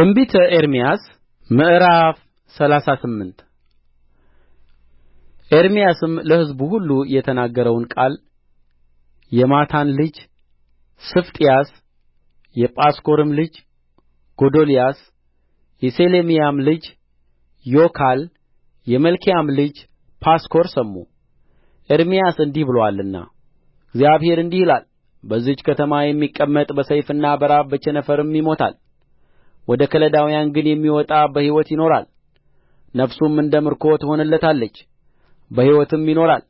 ትንቢተ ኤርምያስ ምዕራፍ ሰላሳ ስምንት ኤርምያስም ለሕዝቡ ሁሉ የተናገረውን ቃል የማታን ልጅ ስፋጥያስ የጳስኮርም ልጅ ጎዶልያስ የሰሌምያም ልጅ ዮካል የመልክያም ልጅ ጳስኮር ሰሙ። ኤርምያስ እንዲህ ብሎአልና እግዚአብሔር እንዲህ ይላል በዚህች ከተማ የሚቀመጥ በሰይፍና በራብ በቸነፈርም ይሞታል ወደ ከለዳውያን ግን የሚወጣ በሕይወት ይኖራል ነፍሱም እንደ ምርኮ ትሆንለታለች በሕይወትም ይኖራል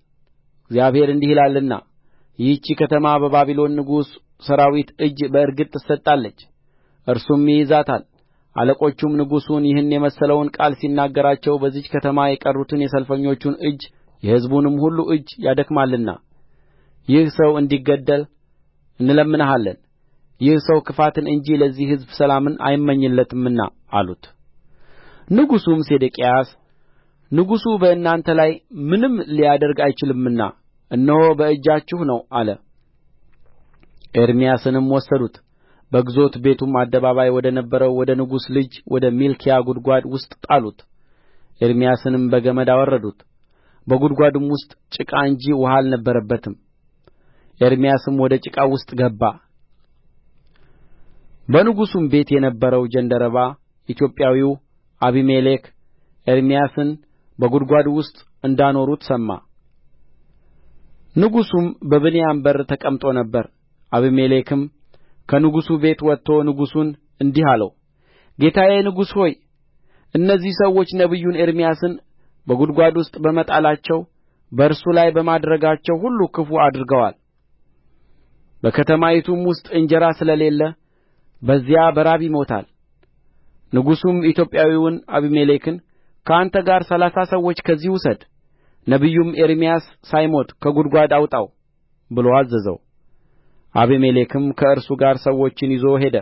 እግዚአብሔር እንዲህ ይላልና ይህች ከተማ በባቢሎን ንጉሥ ሠራዊት እጅ በእርግጥ ትሰጣለች እርሱም ይይዛታል አለቆቹም ንጉሡን ይህን የመሰለውን ቃል ሲናገራቸው በዚህች ከተማ የቀሩትን የሰልፈኞቹን እጅ የሕዝቡንም ሁሉ እጅ ያደክማልና ይህ ሰው እንዲገደል እንለምንሃለን ይህ ሰው ክፋትን እንጂ ለዚህ ሕዝብ ሰላምን አይመኝለትምና አሉት ንጉሡም ሴዴቅያስ ንጉሡ በእናንተ ላይ ምንም ሊያደርግ አይችልምና እነሆ በእጃችሁ ነው አለ ኤርምያስንም ወሰዱት በግዞት ቤቱም አደባባይ ወደ ነበረው ወደ ንጉሡ ልጅ ወደ ሚልኪያ ጕድጓድ ውስጥ ጣሉት ኤርምያስንም በገመድ አወረዱት በጕድጓዱም ውስጥ ጭቃ እንጂ ውኃ አልነበረበትም ኤርምያስም ወደ ጭቃው ውስጥ ገባ በንጉሡም ቤት የነበረው ጃንደረባ ኢትዮጵያዊው አቢሜሌክ ኤርምያስን በጕድጓድ ውስጥ እንዳኖሩት ሰማ ንጉሡም በብንያም በር ተቀምጦ ነበር አቢሜሌክም ከንጉሡ ቤት ወጥቶ ንጉሡን እንዲህ አለው ጌታዬ ንጉሥ ሆይ እነዚህ ሰዎች ነቢዩን ኤርምያስን በጕድጓድ ውስጥ በመጣላቸው በእርሱ ላይ በማድረጋቸው ሁሉ ክፉ አድርገዋል በከተማይቱም ውስጥ እንጀራ ስለሌለ በዚያ በራብ ይሞታል ንጉሡም ኢትዮጵያዊውን አቤሜሌክን ከአንተ ጋር ሠላሳ ሰዎች ከዚህ ውሰድ ነቢዩም ኤርምያስ ሳይሞት ከጕድጓድ አውጣው ብሎ አዘዘው አቤሜሌክም ከእርሱ ጋር ሰዎችን ይዞ ሄደ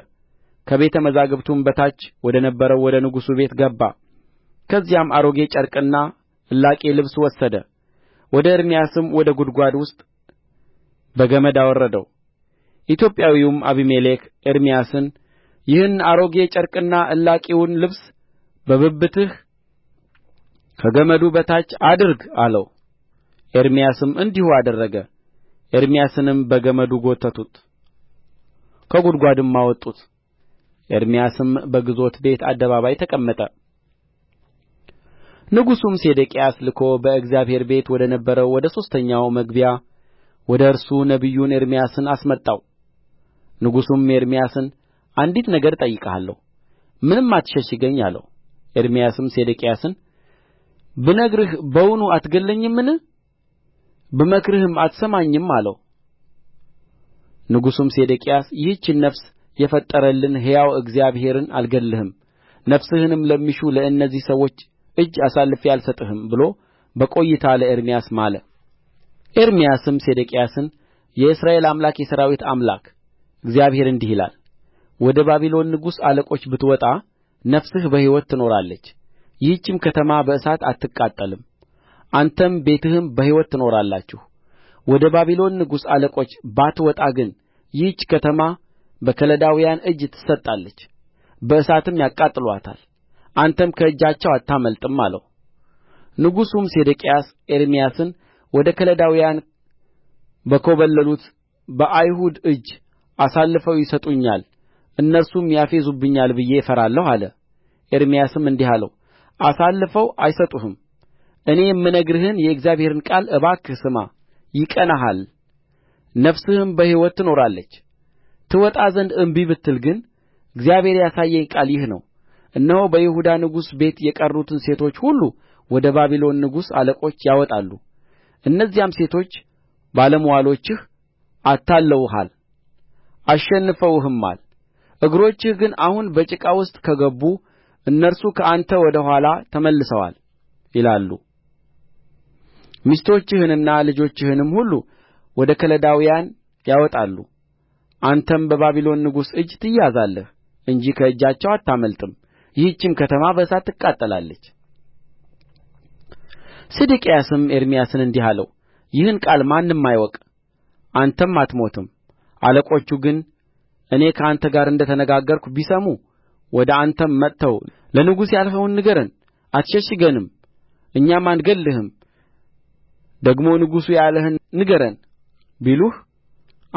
ከቤተ መዛግብቱም በታች ወደ ነበረው ወደ ንጉሡ ቤት ገባ ከዚያም አሮጌ ጨርቅና እላቂ ልብስ ወሰደ ወደ ኤርምያስም ወደ ጕድጓድ ውስጥ በገመድ አወረደው ኢትዮጵያዊውም አቢሜሌክ ኤርምያስን ይህን አሮጌ ጨርቅና እላቂውን ልብስ በብብትህ ከገመዱ በታች አድርግ አለው ኤርምያስም እንዲሁ አደረገ ኤርምያስንም በገመዱ ጐተቱት ከጕድጓድም አወጡት ኤርምያስም በግዞት ቤት አደባባይ ተቀመጠ ንጉሡም ሴዴቅያስ ልኮ በእግዚአብሔር ቤት ወደ ነበረው ወደ ሦስተኛው መግቢያ ወደ እርሱ ነቢዩን ኤርምያስን አስመጣው ንጉሡም ኤርምያስን አንዲት ነገር እጠይቅሃለሁ ምንም አትሸሽገኝ አለው ኤርምያስም ሴዴቅያስን ብነግርህ በውኑ አትገድለኝምን ብመክርህም አትሰማኝም አለው ንጉሡም ሴዴቅያስ ይህችን ነፍስ የፈጠረልን ሕያው እግዚአብሔርን አልገድልህም ነፍስህንም ለሚሹ ለእነዚህ ሰዎች እጅ አሳልፌ አልሰጥህም ብሎ በቈይታ ለኤርምያስ ማለ ኤርምያስም ሴዴቅያስን የእስራኤል አምላክ የሠራዊት አምላክ እግዚአብሔር እንዲህ ይላል ወደ ባቢሎን ንጉሥ አለቆች ብትወጣ ነፍስህ በሕይወት ትኖራለች ይህችም ከተማ በእሳት አትቃጠልም አንተም ቤትህም በሕይወት ትኖራላችሁ ወደ ባቢሎን ንጉሥ አለቆች ባትወጣ ግን ይህች ከተማ በከለዳውያን እጅ ትሰጣለች በእሳትም ያቃጥሉአታል አንተም ከእጃቸው አታመልጥም አለው ንጉሡም ሴዴቅያስ ኤርምያስን ወደ ከለዳውያን በኰበለሉት በአይሁድ እጅ አሳልፈው ይሰጡኛል እነርሱም ያፌዙብኛል ብዬ እፈራለሁ አለ ኤርምያስም እንዲህ አለው አሳልፈው አይሰጡህም እኔ የምነግርህን የእግዚአብሔርን ቃል እባክህ ስማ ይቀናሃል ነፍስህም በሕይወት ትኖራለች ትወጣ ዘንድ እንቢ ብትል ግን እግዚአብሔር ያሳየኝ ቃል ይህ ነው እነሆ በይሁዳ ንጉሥ ቤት የቀሩትን ሴቶች ሁሉ ወደ ባቢሎን ንጉሥ አለቆች ያወጣሉ እነዚያም ሴቶች ባለምዋሎችህ አታልለውሃል አሸንፈውህማል እግሮችህ ግን አሁን በጭቃ ውስጥ ከገቡ እነርሱ ከአንተ ወደ ኋላ ተመልሰዋል ይላሉ ሚስቶችህንና ልጆችህንም ሁሉ ወደ ከለዳውያን ያወጣሉ አንተም በባቢሎን ንጉሥ እጅ ትያዛለህ እንጂ ከእጃቸው አታመልጥም ይህችም ከተማ በእሳት ትቃጠላለች ሴዴቅያስም ኤርምያስን እንዲህ አለው ይህን ቃል ማንም አይወቅ አንተም አትሞትም አለቆቹ ግን እኔ ከአንተ ጋር እንደ ተነጋገርሁ ቢሰሙ ወደ አንተም መጥተው ለንጉሡ ያልኸውን ንገረን አትሸሽገንም እኛም አንገድልህም ደግሞ ንጉሡ ያለህን ንገረን ቢሉህ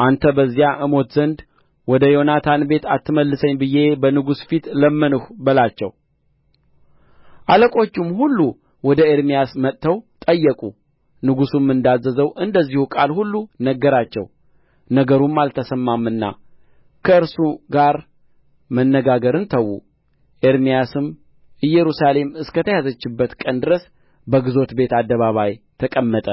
አንተ በዚያ እሞት ዘንድ ወደ ዮናታን ቤት አትመልሰኝ ብዬ በንጉሡ ፊት ለመንሁ በላቸው አለቆቹም ሁሉ ወደ ኤርምያስ መጥተው ጠየቁ ንጉሡም እንዳዘዘው እንደዚሁ ቃል ሁሉ ነገራቸው ነገሩም አልተሰማምና ከእርሱ ጋር መነጋገርን ተዉ ኤርምያስም ኢየሩሳሌም እስከ ተያዘችበት ቀን ድረስ በግዞት ቤት አደባባይ ተቀመጠ